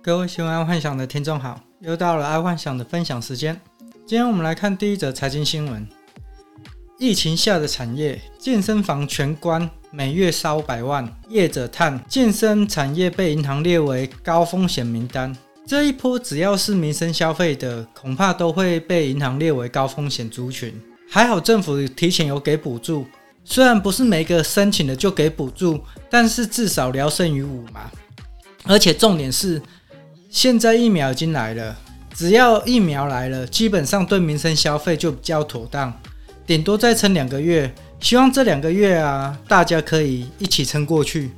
各位喜歡愛幻想的聽眾好，又到了愛幻想的分享時間。今天我們來看第一則財經新聞：疫情下的慘業，健身房全關，每月燒百萬，業者嘆，健身產業被銀行列為高風險名單。這一波只要是民生消費的，恐怕都會被銀行列為高風險族群。還好政府提前有給補助，雖然不是每個申請的就給補助，但是至少聊勝於無嘛。而且重點是。現在疫苗已經來了，只要疫苗來了，基本上對民生消費就比較妥當。頂多再撐兩個月，希望這兩個月啊，大家可以一起撐過去。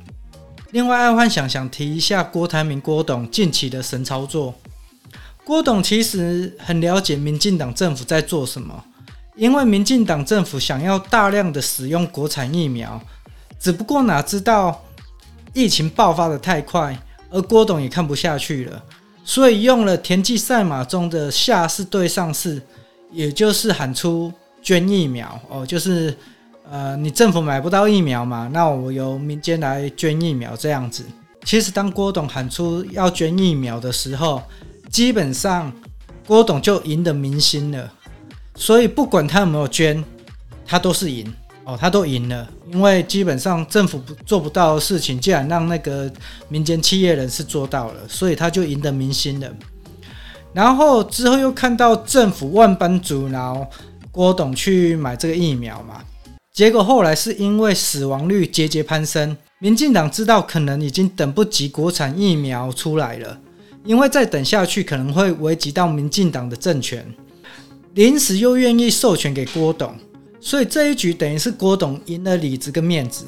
另外，愛幻想想提一下郭台銘、郭董近期的神操作。郭董其實很了解民進黨政府在做什麼，因為民進黨政府想要大量的使用國產疫苗，只不過哪知道疫情爆發得太快。而郭董也看不下去了，所以用了田忌賽馬中的下士對上士，也就是喊出捐疫苗哦，就是呃，你政府買不到疫苗嘛，那我由民間來捐疫苗這樣子。其實當郭董喊出要捐疫苗的時候，基本上郭董就贏得民心了，所以不管他有沒有捐，他都是贏。哦，他都贏了，因為基本上政府不做不到的事情，竟然讓那個民間企業人士做到了，所以他就贏得民心了。然後之後又看到政府萬般阻撓郭董去買這個疫苗嘛，結果後來是因為死亡率節節攀升，民進黨知道可能已經等不及國產疫苗出來了，因為再等下去可能會危及到民進黨的政權，臨時又願意授權給郭董。所以這一局等於是郭董贏了裡子跟面子，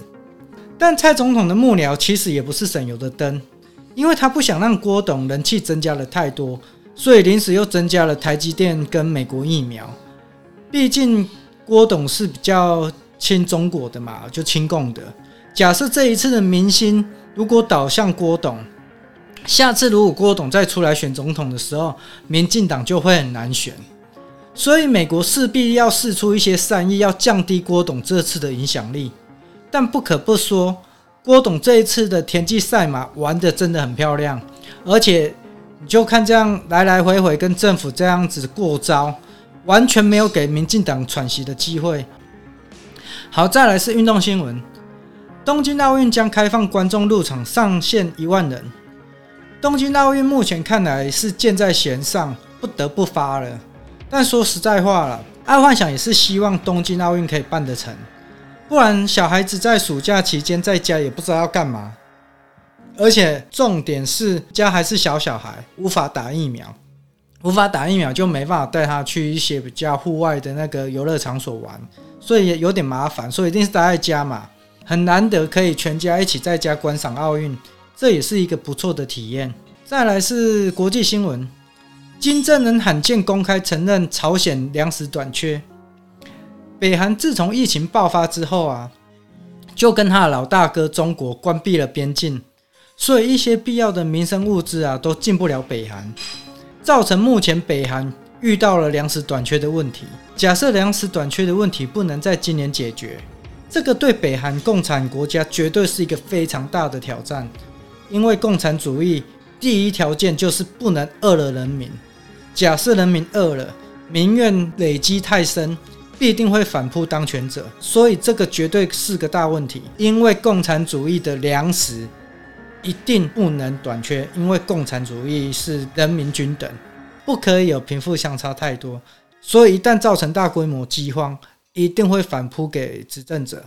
但蔡總統的幕僚其實也不是省油的燈，因為他不想讓郭董人氣增加了太多，所以臨時又增加了台積電跟美國疫苗。畢竟郭董是比較親中國的嘛，就親共的。假設這一次的民心如果倒向郭董，下次如果郭董再出來選總統的時候，民進黨就會很難選。所以美國勢必要釋出一些善意，要降低郭董這次的影響力。但不可不說，郭董這一次的田忌賽馬玩得真的很漂亮。而且你就看這樣來來回回跟政府這樣子過招，完全沒有給民進黨喘息的機會。好，再來是運動新聞，東京奧運將開放觀眾入場，上限一萬人。東京奧運目前看來是箭在弦上，不得不發了。但說實在話了，愛幻想也是希望東京奧運可以辦得成，不然小孩子在暑假期間在家也不知道要幹嘛。而且重點是，家還是小小孩，無法打疫苗，無法打疫苗就沒辦法帶他去一些比較戶外的那個遊樂場所玩，所以也有點麻煩。所以一定是待在家嘛，很難得可以全家一起在家觀賞奧運，這也是一個不錯的體驗。再來是國際新聞。金正恩罕見公開承認朝鮮糧食短缺。北韓自從疫情爆發之後啊，就跟他的老大哥中國關閉了邊境，所以一些必要的民生物資啊都進不了北韓，造成目前北韓遇到了糧食短缺的問題。假設糧食短缺的問題不能在今年解決，這個對北韓共產國家絕對是一個非常大的挑戰，因為共產主義第一條件就是不能餓了人民。假設人民餓了，民怨累積太深，必定會反撲當權者，所以這個絕對是個大問題。因為共產主義的糧食一定不能短缺，因為共產主義是人民均等，不可以有貧富相差太多。所以一旦造成大規模饑荒，一定會反撲給執政者。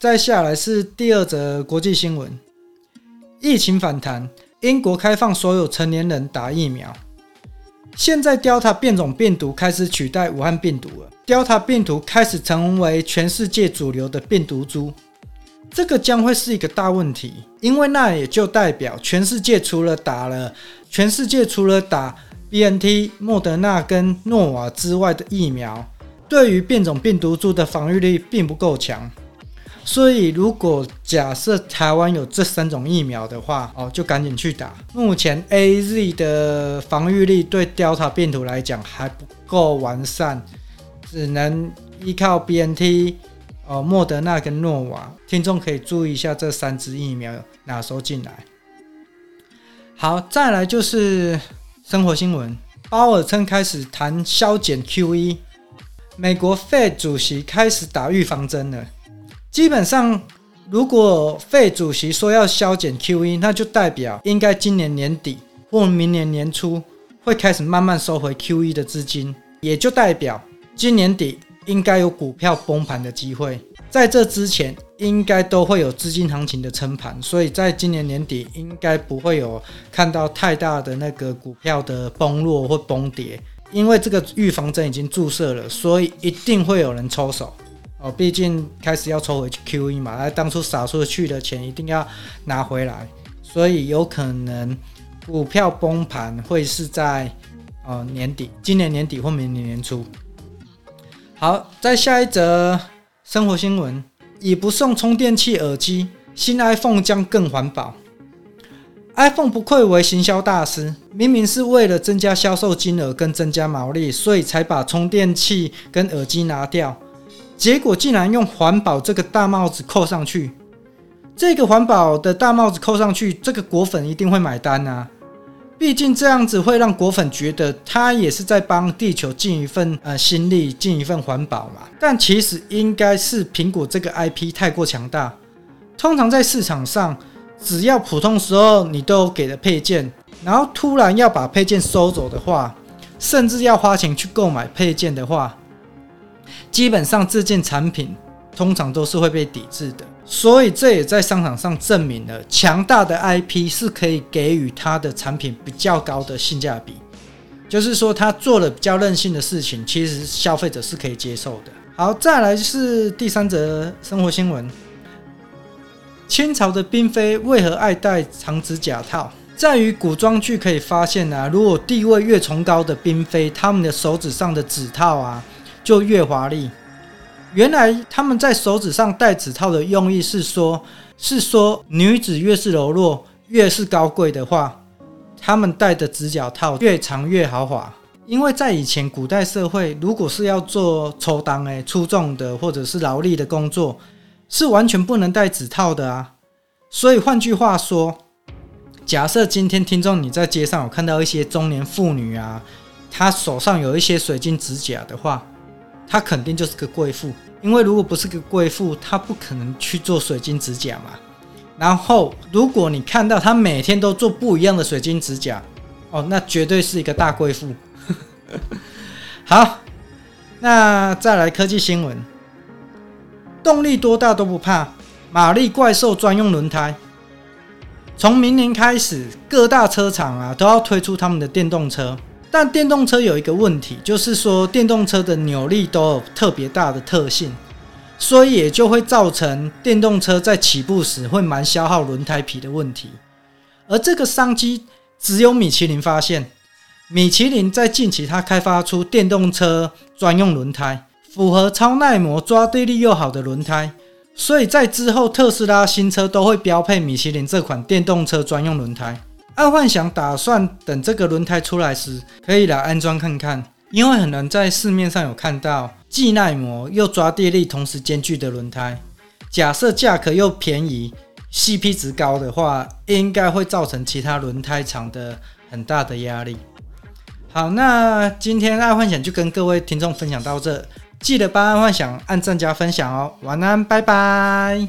再下來是第二則國際新聞：疫情反彈，英國開放所有成年人打疫苗。現在，Delta 變種病毒開始取代武漢病毒了。Delta 病毒開始成為全世界主流的病毒株，這個將會是一個大問題，因為那也就代表全世界除了打了全世界除了打 B N T，莫德納跟諾瓦之外的疫苗，對於變種病毒株的防禦力並不夠強。所以，如果假設台灣有這三種疫苗的話，哦，就趕緊去打。目前 A Z 的防禦力對 Delta 病毒來講還不夠完善，只能依靠 B N T、哦、哦莫德納跟諾瓦。聽眾可以注意一下這三支疫苗哪時候進來。好，再來就是生活新聞，鮑爾稱開始談削減 Q E，美國 Fed 主席開始打預防針了。基本上，如果費主席說要削減 Q E，那就代表應該今年年底或明年年初會開始慢慢收回 Q E 的資金，也就代表今年底應該有股票崩盤的機會。在這之前，應該都會有資金行情的撐盤，所以在今年年底應該不會有看到太大的那個股票的崩落或崩跌，因為這個預防針已經注射了，所以一定會有人抽手。哦，畢竟開始要抽回 QE 嘛，而當初撒出去的錢一定要拿回來，所以有可能股票崩盤會是在哦年底，今年年底或明年年初。好，再下一則生活新聞：已不送充電器、耳機，新 iPhone 將更環保。iPhone 不愧為行銷大師，明明是為了增加銷售金額跟增加毛利，所以才把充電器跟耳機拿掉。結果竟然用環保這個大帽子扣上去，這個環保的大帽子扣上去，這個果粉一定會買單啊！畢竟這樣子會讓果粉覺得他也是在幫地球盡一份呃心力，盡一份環保嘛。但其實應該是蘋果這個 IP 太過強大。通常在市場上，只要普通時候你都給了配件，然後突然要把配件收走的話，甚至要花錢去購買配件的話。基本上這件產品通常都是會被抵制的，所以這也在商場上證明了強大的 IP 是可以給予他的產品比較高的性價比。就是說，他做了比較任性的事情，其實消費者是可以接受的。好，再來就是第三則生活新聞：清朝的嬪妃為何愛戴長指甲套？在於古裝劇可以發現呢、啊，如果地位越崇高的嬪妃，她們的手指上的指套啊。就越華麗。原來他們在手指上戴指套的用意是說，是說女子越是柔弱，越是高貴的話，他們戴的指甲套越長越豪華。因為在以前古代社會，如果是要做抽檔、誒粗重的或者是勞力的工作，是完全不能戴指套的啊。所以換句話說，假設今天聽眾你在街上有看到一些中年婦女啊，她手上有一些水晶指甲的話，他肯定就是個貴婦，因為如果不是個貴婦，他不可能去做水晶指甲嘛。然後，如果你看到他每天都做不一樣的水晶指甲，哦，那絕對是一個大貴婦。 好，那再來科技新聞，動力多大都不怕，馬力怪獸專用輪胎。從明年開始，各大車廠啊都要推出他們的電動車。但電動車有一個問題，就是說電動車的扭力都有特別大的特性，所以也就會造成電動車在起步時會蠻消耗輪胎皮的問題。而這個商機只有米其林發現，米其林在近期它開發出電動車專用輪胎，符合超耐磨、抓地力又好的輪胎，所以在之後特斯拉新車都會標配米其林這款電動車專用輪胎。愛幻想打算等這個輪胎出來時，可以來安裝看看，因為很難在市面上有看到既耐磨又抓地力同時兼具的輪胎。假設價格又便宜，CP 值高的話，應該會造成其他輪胎廠的很大的壓力。好，那今天愛幻想就跟各位聽眾分享到這，記得幫愛幻想按讚加分享哦。晚安，拜拜。